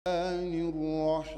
asalaamaaleykum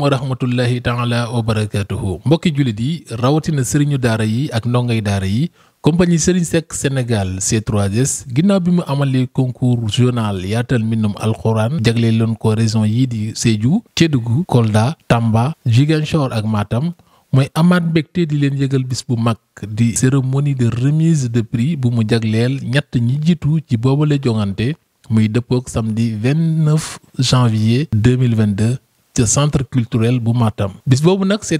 wa rahmatullahi taala wa barakaatuhu mbokki jullit yi rawatina sëriñu daara yi ak ndongay daara yi compagnie Serigne Seck Sénégal C3S ginnaaw bi mu amalee concours journal yaatal mbindum alxuraan jagleel leen ko région yii di Sédhiou Kédougou Kolda Tamba Ziguinchor ak maatam mooy amaat mbégte di leen yëgal bis bu mag di cérémonie de remise de prix bu mu jagleel ñett ñi jiitu ci boobale jongante muy dëppook samedi 29 janvier 2022 ca centre culturel bu maatam bis boobu nag c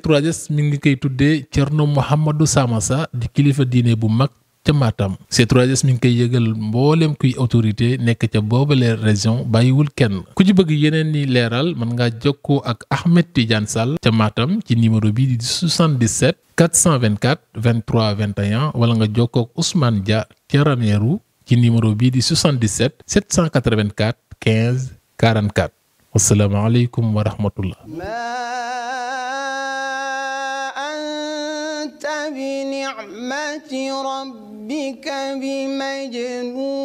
mi ngi koy tuddee Thierno Mouhamadou Samassa di kilifa diine bu mag ca maatam C3S mi ngi koy yëgal mboolem kuy autorité nekk ca boobale région bàyyiwul kenn ku ci bëgg yeneen ni leeral mën ngaa jokkoo ak Ahmed Tidiane Sall ca maatam ci numéro bi di 77 424 23 21 wala nga jokkoo ak Ousmane Dia ca Ranérou ci numéro bii di 77 784 15 44 wasalaamaaleykum wa rahmatullah ma anta bi ni'mati rabbika bi majnun